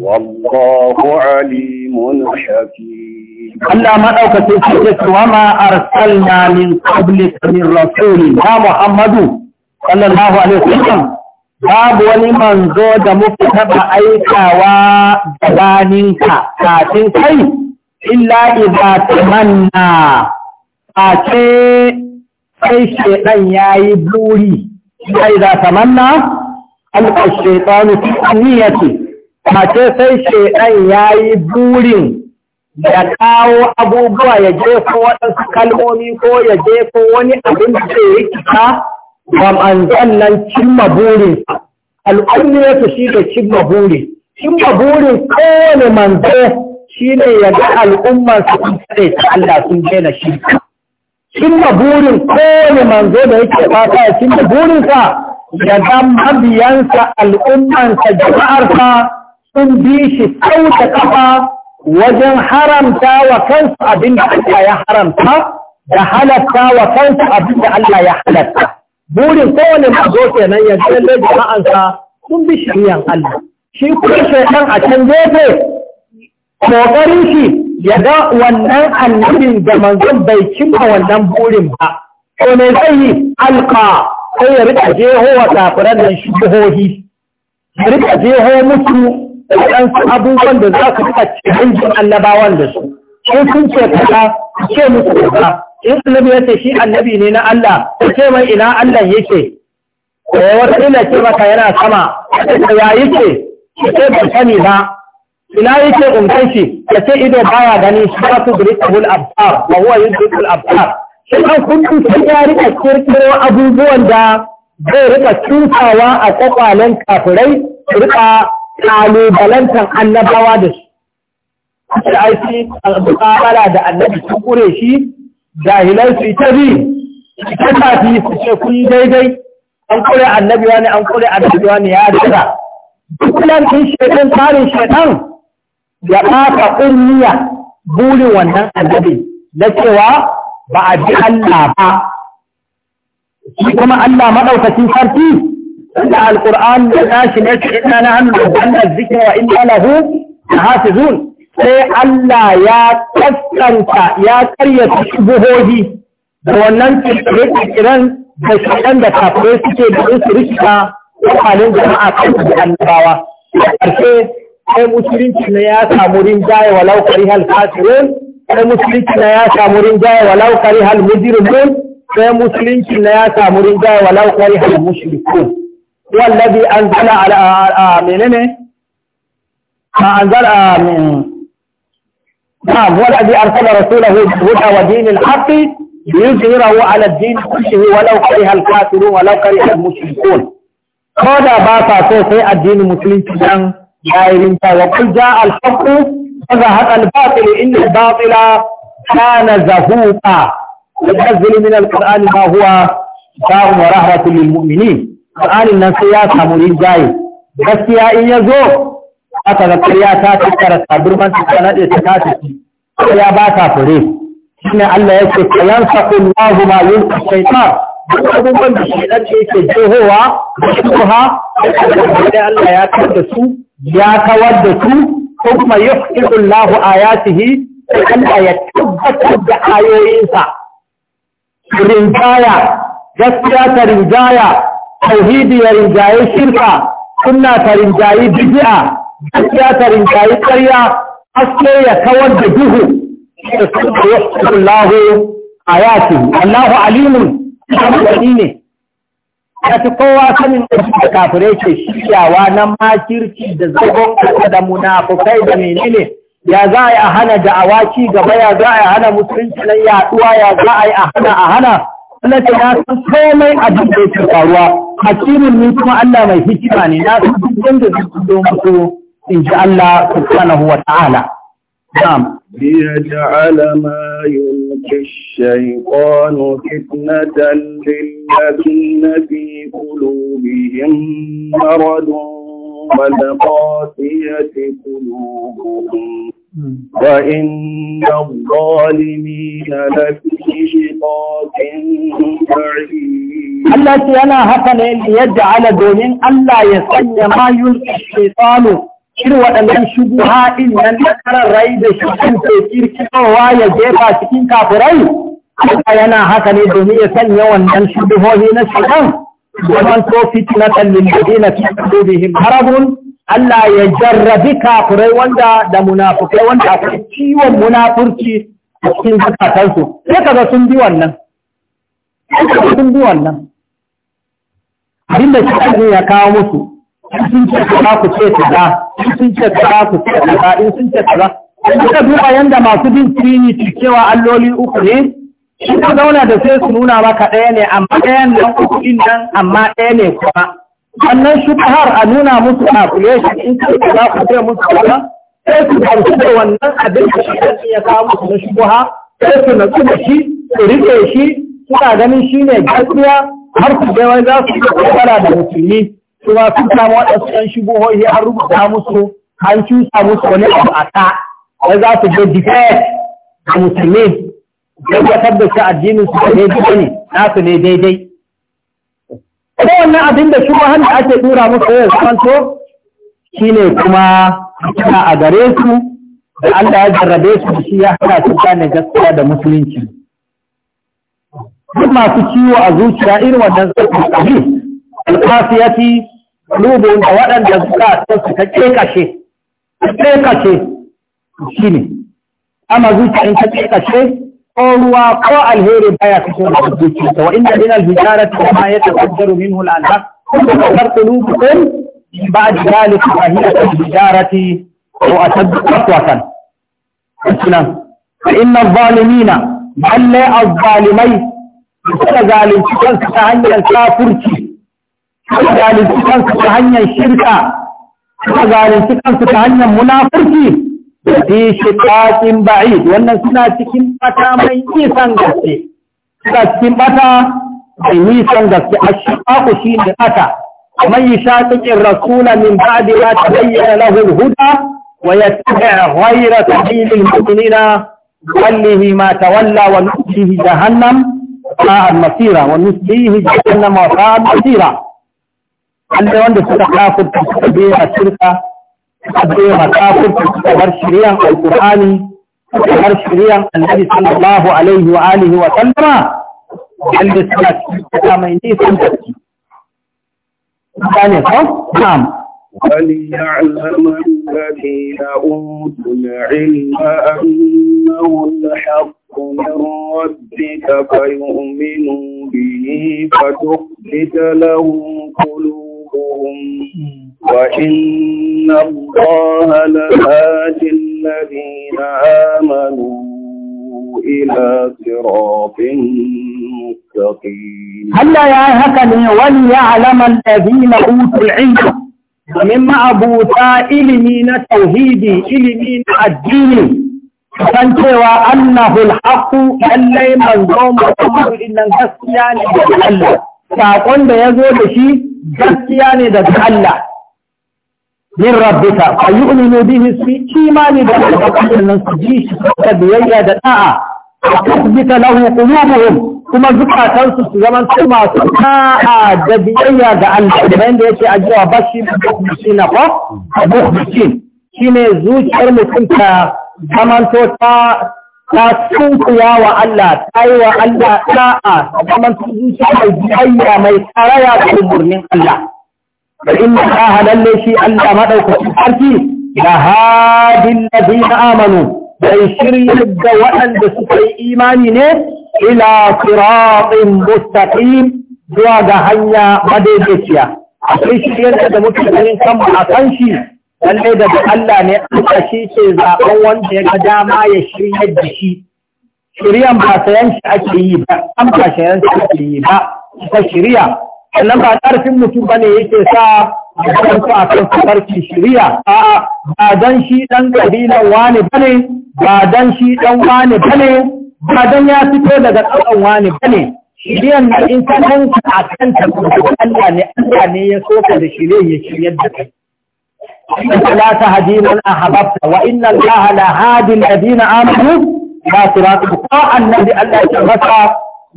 والله عليم حكيم الله ما أوكت الشيخ وما أرسلنا من قبلك من رسول يا محمد صلى الله عليه وسلم babu wani manzo da muka taba aikawa gabaninka kafin kai illa iza tamanna a ce sai shedan yayi buri illa idza tamanna alqa shaytanu fi niyyati a ce sai shedan yayi burin ya kawo abubuwa ya ko waɗansu kalmomi ko ya ko wani abin da zai kika, ba manzan nan cimma burinsa al'ummiyarsu shi da cimma burin cimma burin kowane manzo shine ya ga al'ummar su sun tsare ta Allah sun daina shirka cimma burin kowane manzo da yake fata ya cimma burinsa ya ga mabiyansa al'ummansa jama'arsa sun bi shi sau da kafa wajen haramta wa kansu abin da Allah ya haramta da halatta wa kansu abin da Allah ya halatta burin kowane manzo kenan ya ga jama'arsa sun bi shari'an Allah shi kuma shaidan a can gefe kokarin shi ya ga wannan annabin da manzon bai cimma wannan burin ba ko ne zai yi alka sai ya rika jeho wa kafiran nan shubuhohi ya rika jeho musu waɗansu abubuwan da za su rika cikin jin annabawan da su in sun ce kaza ce musu kaza in annabi ya ce shi annabi ne na Allah Ko ce mai ina Allah yake ko eh, wata ila ce maka yana sama ya yake ce ban sani ba ina yake umkan shi ya ce ido baya gani sharatu birikul absar ba huwa yudrikul absar shi an kullum sai ya rika kirkiro abubuwan da zai rika cutawa a kwakwalen kafirai rika kalubalantar annabawa da su a aiki al'amala da annabi sun kure shi jahilai su ita bi ita tafi su ce kun daidai an kure annabi wani an kure annabi wani ya jira duk nan kun shekan tsarin shekun ya ɓata ƙunniya burin wannan annabi na cewa ba a bi Allah ba shi kuma Allah maɗaukacin sarki da alƙur'an da tashi ne su ina na hannu da wannan zikin wa ina lahu da hafizun sai Allah ya kaskanta ya karyata shubuhohi da wannan kirkiran da shaɗan da kafirai suke da su rikita halin jama'a kan annabawa. Ƙarshe sai musulunci na ya samu rinjaye walau kari hal kafirun sai musulunci na ya samu rinjaye walau kari hal mujrimun sai musulunci na ya samu rinjaye walau kari hal mushrikun wallazi anzala ala menene anzala نعم والذي أرسل رسوله بالهدى ودين الحق ليظهره على الدين كله ولو كره الكافرون ولو كره المشركون. هذا باطا سوف الدين المسلم في ya yi rinta wa kun ja alhaku daga haɗa albatil inda batila kana zahuka da nazili min alqur'ani ma huwa ta'un wa rahmatul lil mu'minin qur'anin nan sai ya samu rinjaye gaskiya in ya zo aka ga ƙarya ta tattara taburman ta naɗe ta tashi ya ba ta fure shine Allah yake kayan saqullahu ma yulqi shaytan duk abubuwan da shi ɗan yake jihowa da shuha da Allah ya kar da su ya kawar da su ko kuma yuhqiqu Allahu ayatihi Allah ya tabbatar da ayoyinsa rinjaya gaskiya ta rinjaya tauhidi ya rinjaye shirka sunna ta rinjaye bibi'a. gaskiya ta rinjaye ƙarya aske ya kawar da duhu da sun yuhqiqu Allahu ayatihi Allahu alimun wani ne ya fi kowa sanin da kafirai ke shiryawa na makirci da zagon kasa da munafukai da menene ya za a yi a hana da'awa ci gaba ya za a yi a hana musulunci nan yaduwa ya za a yi a hana a hana Allah ya san komai a duk da yake faruwa hakimin ni kuma Allah mai hikima ne na san duk yanda zai zo musu in ji Allah subhanahu wa ta'ala na'am bi yaj'ala ma yun الشيطان فتنة للذين في قلوبهم مرض والقاسية قلوبهم وإن الظالمين لفي شقاق بعيد التي أنا هكذا يجعل دون ألا يسلم ما يلقي الشيطان irin waɗannan shugu haɗin nan da karar rai da shukin ke kirkirowa ya jefa cikin kafirai Allah yana haka ne domin ya sanya wannan shubuhohi na shukan zaman to fitnatan lil ladina fi qulubihim harabun Allah ya jarrabi kafirai wanda da munafukai wanda aka ciwon munafurci a cikin zakatansu sai kaga sun bi wannan sun bi wannan abinda shi ya kawo musu sun ce ku ce ta in sun ce za su ce in sun ce in kuka duba yanda masu bin trinity cewa alloli uku ne in ka zauna da sai su nuna maka ɗaya ne amma ɗayan nan uku din nan amma ɗaya ne kuma sannan shi har a nuna musu calculation in ka ce za ku ce musu kaza sai su gamsu da wannan abin da shi ya kawo musu na shubuha sai su natsu da shi su riƙe shi suna ganin shi ne gaskiya har su je wani za su yi da musulmi cewa sun samu waɗansu ɗan shubuhohi an rubuta musu an cusa musu wani abu a ta wai za su je defense a musulmi tabbatar da shi addinin su daidai ne su ne daidai ko wannan abin da shubuhan da ake dura musu yau kwanto shine kuma suna a gare su da Allah ya jarrabe su da shi ya hana su gane gaskiya da musulunci duk masu ciwo a zuciya irin wannan tsakanin alkafiyati kulubun da waɗanda suka su ta ƙeƙashe ta ƙeƙashe shi ne amma zuciya in ta ƙeƙashe ko ruwa ko alheri baya fito da zuciya ta wa inda min alhijarati ma yatafajjaru minhu al-anhar kullu kafar qulubukum بعد ذلك فهي كالحجارة وأشد قسوة فإن الظالمين بل الظالمين suka zalunci kansu ta hanyar kafurci suka zalunci kansu ta hanyar shirka suka zalunci kansu ta hanyar munafurci fi shiqaqin ba'id wannan suna cikin bata mai nisan gaske suna cikin bata mai nisan gaske a shiqaqu shine bata man yashaqiqir rasula min ba'di ma tabayyana lahu al-huda wa yattabi' ghayra sabilil mu'minina نوليه ما تولى ونؤتيه جهنم وساء المصيرة ونسقيه جهنم وساء masira. wanda wanda suka kafurta suka bera shirka suka bera kafurta suka bar shirya alkur'ani suka bar shirya annabi sallallahu alaihi wa alihi wa sallama wanda suka kafurta mai nisan gaske gane ko na'am وليعلم الذين أوتوا العلم أنه الحق من ربك فيؤمنوا به فتخبت له قلوبهم أخوهم وإن الله لهاد الذين آمنوا إلى صراط مستقيم هلا يا هكني وليعلم الذين أوتوا العلم ومن أبوتا إلمين توحيدي إلمين الديني san cewa annahu alhaqu lallai manzo muhammadu nan gaskiya ne da Allah saƙon da ya zo da shi gaskiya ne daga Allah min rabbika yi yu'minu bihi su imani da alƙur'anin nan su ji shi da biyayya da da'a a tasbita lahu qulubuhum kuma zukatansu su zaman su masu ta'a da biyayya ga Allah da yanda yake ajiya bashi a fa shi shine zuciyar mutum ta zamanto ta ta sunkuya wa Allah ta yi wa Allah sa'a zaman su mai biyayya mai tsaraya da umarnin Allah da inna ta halalle shi Allah maɗaukacin sarki da hadin lafi na amanu bai shirya da waɗanda suka yi imani ne ila siratin mustaqim zuwa ga hanya madaidaiciya akwai shiryar da mutane kan a kan shi lallai daga Allah ne aka shi ce zaɓen wanda ya ga dama ya shirya da shi shiryan ba sayan shi ake yi ba an ba sayan shi ake yi ba ta shirya sannan ba ƙarfin mutum ba ne yake sa mutum a kan farki shirya a ba don shi ɗan ƙabilan wani ba ne ba don shi ɗan wani ba ne ba don ya fito daga ƙasan wani ba ne shiryan na in ka a kan ta Allah ne Allah ne ya soka da shirye ya shiryar da kai إنك لا تهدي من أحببت وإن الله لا هادي الذين آمنوا لا صراط قاء النبي ألا يشغفك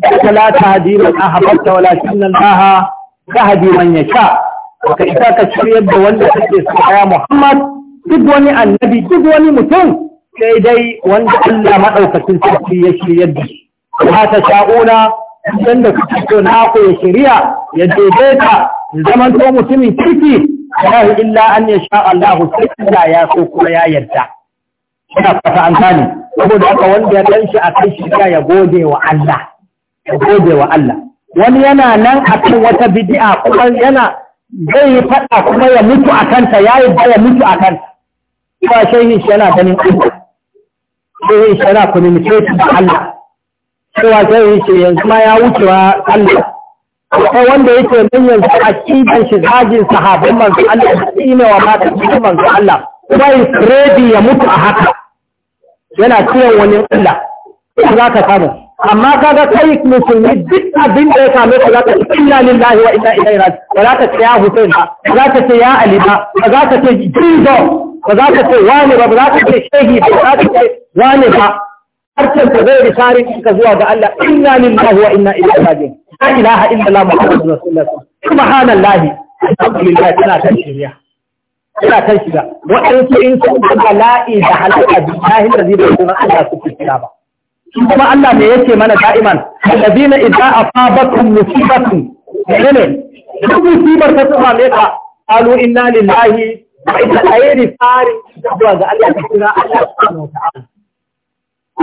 إنك لا تهدي من أحببت ولكن الله تهدي من يشاء وكيف تشريب دولة يا محمد duk wani annabi duk wani mutum sai dai wanda Allah maɗaukacin sarki ya shirya da shi ba ta sha'una idan da kuke so na ya shirya ya daidaita zaman to mutumin kirki Allah illa an ya sha Allah sai Allah ya so kuma ya yarda ina fata an gane saboda haka wanda ya ganshi a kai shi ya gode wa Allah ya gode wa Allah wani yana nan a kan wata bid'a kuma yana zai yi fada kuma ya mutu a kanta ya yi ya mutu a kanta kuma shehi shi yana ganin kuma. shehi shi yana communicating da Allah zai yi shi yanzu ma ya wucewa Allah akwai wanda yake nan yanzu a kidan shi zagin sahabban manzo Allah da tsine wa mata cikin manzo Allah sai ready ya mutu a haka yana kiran wani Allah za ka samu amma kaga kai musulmi duk abin da ya same ka za ka ce inna lillahi wa inna ilaihi raji'un ba za ka ce ya Hussein ba ba za ka ce ya Ali ba ba za ka ce Jesus ba za ka ce wani ba ba za ka ce shehi ba za ka ce wani ba harkar ka zai risharin ka zuwa ga Allah inna lillahi wa inna ilaihi raji'un la ilaha illallah muhammadu rasulullah subhanallahi alhamdulillah tana kan shirya tana kan shiga waɗansu in sun ga la'i da halaka billahi da zai bai sunan Allah su fi ba kuma Allah ne yake mana da'iman alladina idza asabatum musibatu menene duk musibar ta same ka qalu inna lillahi wa inna ilayhi raji'un da ga Allah ta kira Allah subhanahu wa ta'ala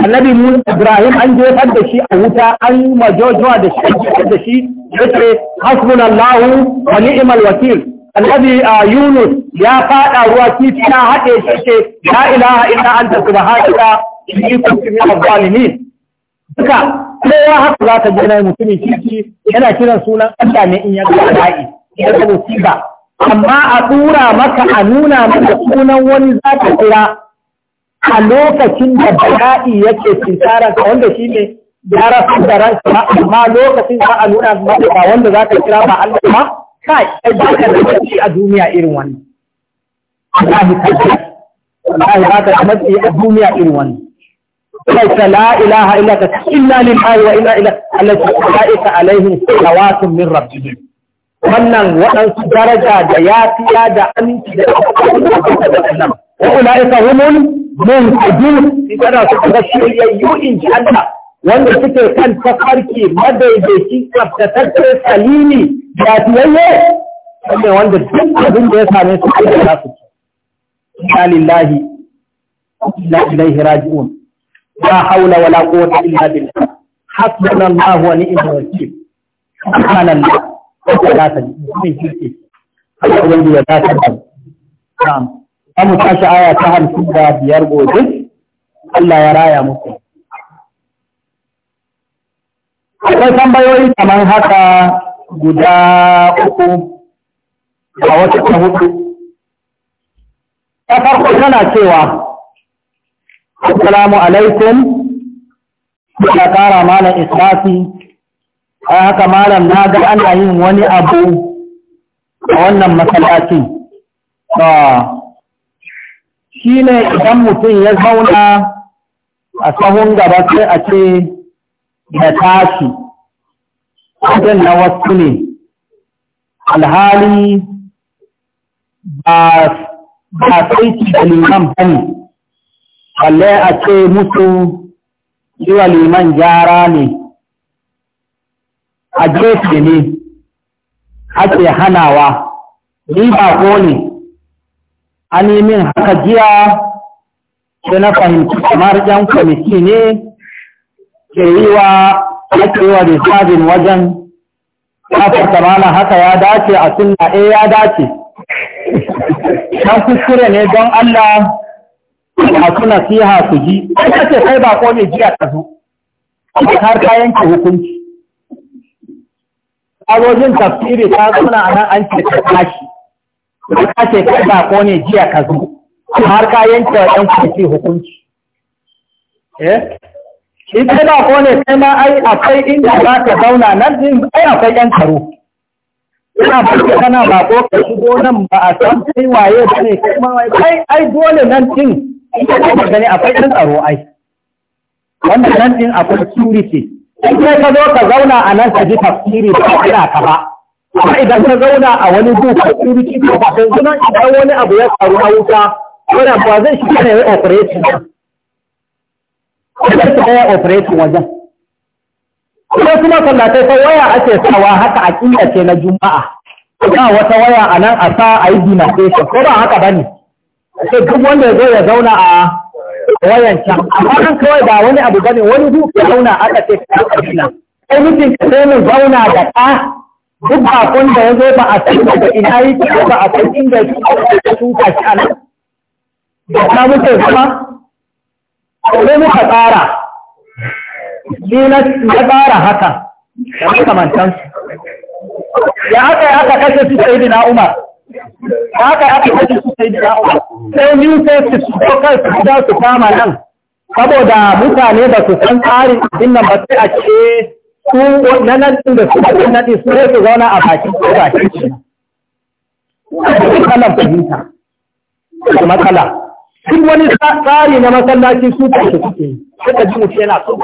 annabi mu ibrahim an jefar da shi a wuta an majojuwa da shi an jefar da shi yace hasbunallahu wa ni'mal wakil annabi yunus ya fada ruwa titi na haɗe shi ce la ilaha illa anta subhanaka inni kuntu min adh-dhalimin duka kowa haka za ka gina mutumin kirki yana kiran sunan Allah ne in ya ga da'i ya ga musiba amma a tura maka a nuna maka sunan wani za kira a lokacin da bala'i yake tsara ga wanda shi ne ya rasu da ransa amma lokacin za a nuna maka ba wanda za ka kira ba Allah ma, ka yi ba ka da matsi a duniya irin wannan wallahi tabbas wallahi ba ka da matsi a duniya irin wannan kai la ilaha illa ta illa lillahi wa illa ila allati ta'ika alaihim salawatun min rabbihim wannan waɗansu daraja da yafiya da aminci da da Allah wa ulaika humul muhtadun gada su ga shiryayyu in ji Allah wanda suke kan tafarki madaidaici salini salimi lafiyayye wanda wanda duk abin da ya same su kai da su ce. lillahi inna ilaihi raji'un la haula wala quwwata illa billah hasbuna wa ni'mal wakeel subhana Allah wa la ta'ala min shirki Allah wanda ya ta da na'am an ta aya ta hamsin da biyar gobe Allah ya raya muku akwai tambayoyi kamar haka guda uku a wata ta hudu ta farko tana cewa assalamu alaikum ya kara malam israfi a haka malam na ga ana yin wani abu a wannan masallacin. Ah. shi ne idan mutum ya zauna a sahun gaba sai a ce da tashi wajen na wasu ne alhali ba saiti da liman bane balle a ce musu yiwa liman gyara ne a gefe ne ake hanawa ni ba ko ne an yi min haka jiya sai na fahimci kamar yan kwamiti ne ke yi wa ake yi wajen kafarta mana haka ya dace a suna e eh, ya dace kan kuskure ne don Allah a nasiha su ji Ya ce sai ba kome jiya ta zo har kayan yanke hukunci a tafsiri ta suna a nan an ce ta tashi ba ce kai ba ko ne jiya ka zo har ka yanke wa ɗan kwanci hukunci eh in kai ba ko ne sai ma ai akwai inda za ka zauna nan din ai akwai ɗan karo ina barka kana ba ko ka shigo nan ba a san sai waye ba ne kai ai ai dole nan din ita ce ka gani akwai ɗan tsaro ai wanda nan din akwai security in kai ka zo ka zauna a nan ka ji tafsiri ba ina ka ba kuma idan ka zauna a wani duka tsiriki ko kwasan zuna idan wani abu ya faru a wuta wani abu zai shi kana yi operation wajen su kaya operation wajen kuma kuma sallatai ta waya ake sawa haka a kila ce na juma'a ba wata waya a nan a sa a yi demarcation ko ba haka ba ne sai duk wanda ya zo ya zauna a wayan can amma nan kawai ba wani abu ba ne wani duk ya zauna aka ce ka kabila sai mutum ka sai mu zauna da ka duk bakon da ya zo ba a san daga ina yi ba a san inda shi a shuka shi a nan da ta muke kuma. ko ka tsara ni na tsara haka da makamantan ya aka yi aka kashe su sai na umar ya aka yi aka kashe su sai na umar sai ni safety su dokar su da su kama nan saboda mutane ba su san tsarin abin nan ba sai a ce su na nan ɗin da su ɗin nan su ne su zauna a bakin ko bakin shi matsalar fahimta da matsala duk wani tsari na masallaci su ta shi suke suka ji mutu yana so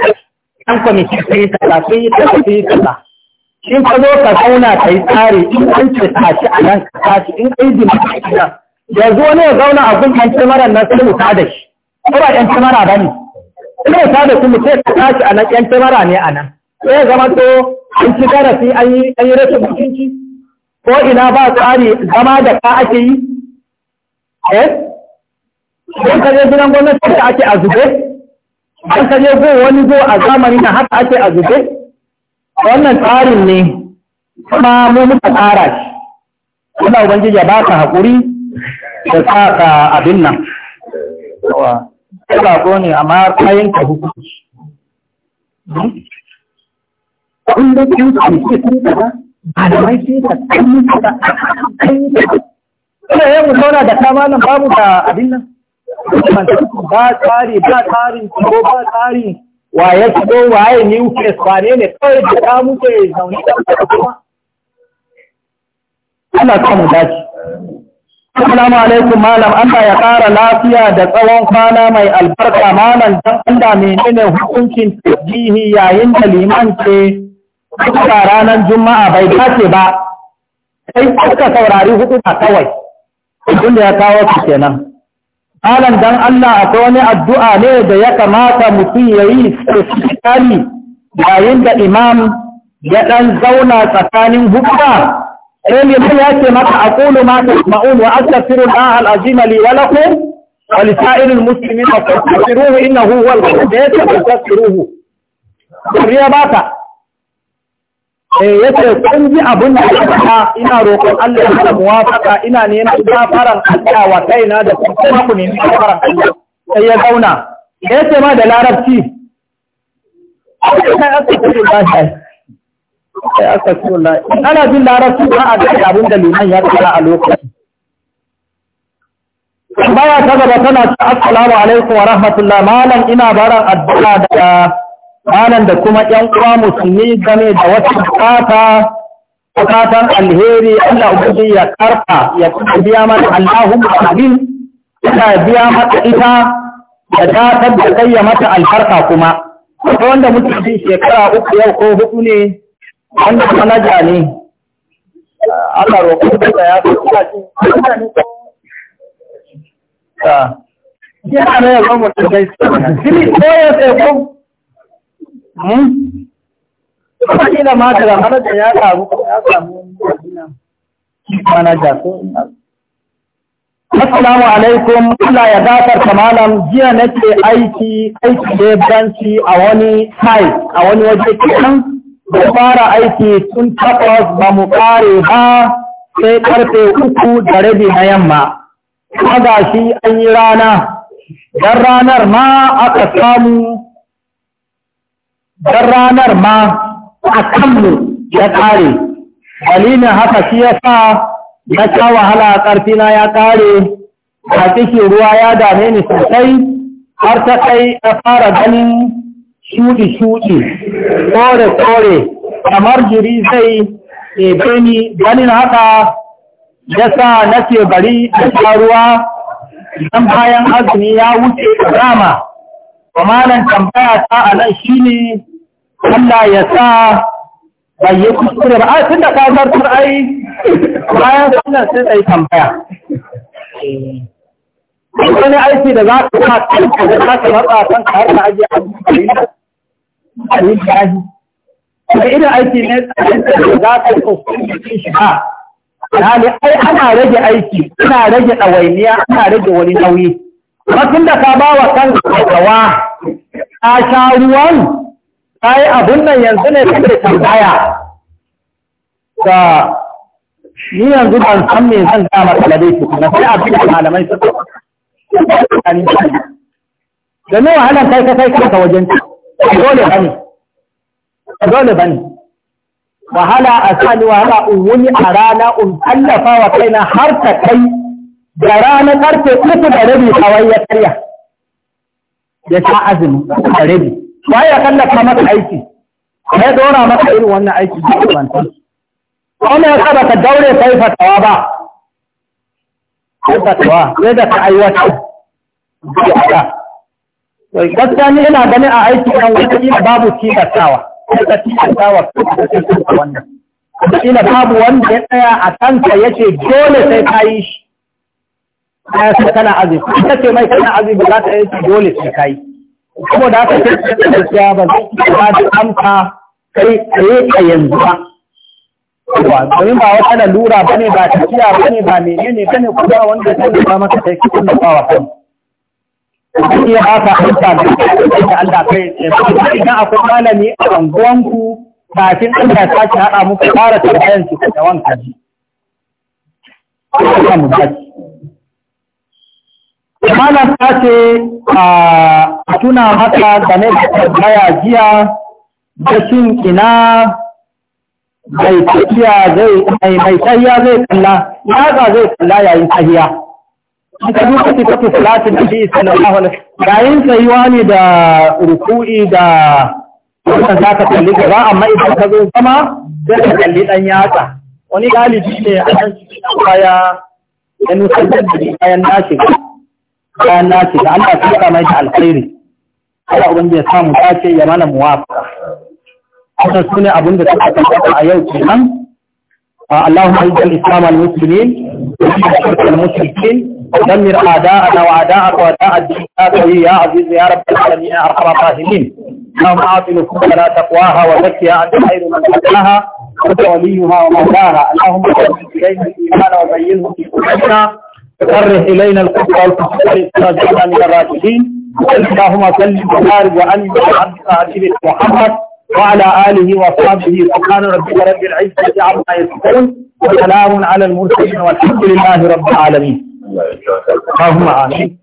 ɗan kwamiti ta yi kaza sun yi kaza sun yi kaza in ka zo ka zauna ka yi tsari in an ce tashi a nan ka tashi in ka yi dimaki a nan yanzu wani ya zauna a gun ɗan kyamarar nan sai mu da shi ko ba ɗan kyamara ba ne ina ta da kuma sai ka tashi a nan ɗan kyamara ne a nan sai zama to an ci garafi an yi rashin mutunci ko ina ba tsari zama da ka ake yi eh don kaje gidan gwamnati da ake a zube don kaje go wani zo a zamani na haka ake a zube wannan tsarin ne kuma mu muka tsara shi ban ubangiji ya baka hakuri da tsaka abin nan yawa ko ne amma kayan ka hukunci hmm? kullum ɗan kwamfi sun kaza malamai sun ka kanyi kaza kanyi kaza ina yau zauna da ta malam babu da abin nan ba tsari ba tsari, ko ba tsari wa ya shigo waye new face wane ne kawai da ta muke zaune da kuma Allah ta mu dace Assalamu alaikum malam Allah ya ƙara lafiya da tsawon kwana mai albarka malam dan Allah menene hukuncin tajihi yayin da liman ce ba ranar juma'a bai dace ba sai suka saurari hudu kawai abinda ya kawo su kenan alan dan Allah akwai wani addu'a ne da ya kamata mutum yayi yi specifically yayin da imam ya dan zauna tsakanin hukuma sai eh, liman ya ce maka aqulu ma tasma'un wa astaghfiru Allah al-azim li wa lakum wa li sa'iril muslimin fastaghfiruhu innahu huwal ghafur da ya ce riya Eh, ya ce kun ji abin da aka faɗa ina roƙon Allah ya muwafaka ina ne na gafaran Allah wa kaina da kuma ku ne gafaran Allah sai ya zauna ya ce ma da larabci sai aka ce ba shi sai aka ce wallahi ana jin larabci ba a ga abin da liman ya tsara a lokaci baya ta gaba tana ta assalamu alaikum wa rahmatullah malam ina baran addu'a da malam da kuma ‘yan uwa musulmi game da wasu bukata, bukatan alheri Allah ubangi ya karfa ya kuma biya mata Allahun amin, ya biya mata ita da ta tabbata kai ya mata albarka kuma. Wata wanda muke ji shekara uku yau ko hudu ne, wanda kuma manaja ne, Allah roƙo da ya fi kuma ne ko yana ah. na yau zama da gaisa. Fili ko ya tsaye Hmm? Kuma ina ma daga ya samu ya samu manaja ko Assalamu alaikum, Allah ya gafarta malam jiya nake aiki aiki da banci a wani sai a wani waje kenan da fara aiki tun takwas ba mu kare ba sai karfe uku da rabi na yamma. Kuma shi an yi rana, don ranar ma aka samu dan ranar ma a kanmu ya ƙare dalilin haka shi ya sa na sha wahala ƙarfina ya ƙare a cikin ruwa ya dame ni sosai har ta kai a fara ganin shuɗi-shuɗi kore-kore kamar jiri zai ebe ni ganin haka ya sa na ce bari a sha ruwa don bayan azumi ya wuce rama. nan tambaya ta a nan shi ne Allah ya sa bai yi kuskure ba a ah, tun da ka zartar ai bayan sannan sai tsaye tambaya wani aiki da za ka sa kanka da za ka matsa kanka har da aje a yi shahi da irin aiki ne da za ka kuskure shi ba Hali ai ana rage aiki, ana rage ɗawainiya, ana rage wani nauyi. Makin da ka ba wa kanka gawa, ka sha ruwan ai abun nan yanzu ne suke tambaya ga ni yanzu ban san me zan ga maka da dai kuma sai abin da malamai suka da ne wahalan kai ka kai ka wajen dole bane dole bane wahala a sani wahala in wuni a rana in tallafa wa kaina har ta kai da ranar karfe uku da rabi kawai ya karya ya sha azumi da rabi ba ya kallafa maka aiki ya dora maka irin wannan aiki duk bantan kuma ya saba ka daure kai fatawa ba kai fatawa sai da ka aiwata. duk da gaskiya ni ina ganin a aiki kan wata ina babu tilastawa ka tilastawa wannan kila babu wanda ya tsaya a kanka yake dole sai ka yi shi kana azumi kace mai kana azumi ba za ta yi dole sai ka yi kuma da aka tattata gaskiya ba zai ba da amsa kai tsaye a yanzu ba Wani domin ba wata lura ba ne ba tafiya ba ne ba menene ba ne kuma wanda ta ba maka sai kitin da bawa kan kuma iya ba ka amsa da da Allah kai idan akwai malami a anguwanku kafin Allah ta sake haɗa muku ƙara tambayan ki da wanka ji. Kuma mu ba. malam ta ce a tuna mata game da tambaya jiya da shin ina mai tafiya zai mai zai kalla yaga zai kalla yayin tahiya Ita duk sayuwa kafin salatin da shi sallallahu alaihi yayin tsayuwa ne da ruku'i da wannan za ka kalli gaba amma idan ka zo sama sai ka kalli ɗan yatsa wani galibi ne a kan baya ya nusar da bayan nashi kayan nace da Allah ta saka mai alkhairi Allah ubangiji ya samu dace ya mana muwafaqa haka sune abin da suka tabbata a yau kenan اللهم اعز الاسلام والمسلمين والشرك المشركين ودمر اعداءنا واعداءك واعداء الدين يا عزيز يا رب العالمين يا ارحم الراحمين اللهم اعط نفوسنا تقواها وزكها انت خير من زكاها وليها ومولاها اللهم اعز الينا الايمان وزينه في قلوبنا فرح إلينا الكفر والفسوق والإخراج من الراشدين اللهم صل وبارك وأنعم على عبدك عبدك محمد وعلى آله وصحبه سبحان ربك رب العزة عما يصفون وسلام على المرسلين والحمد لله رب العالمين اللهم آمين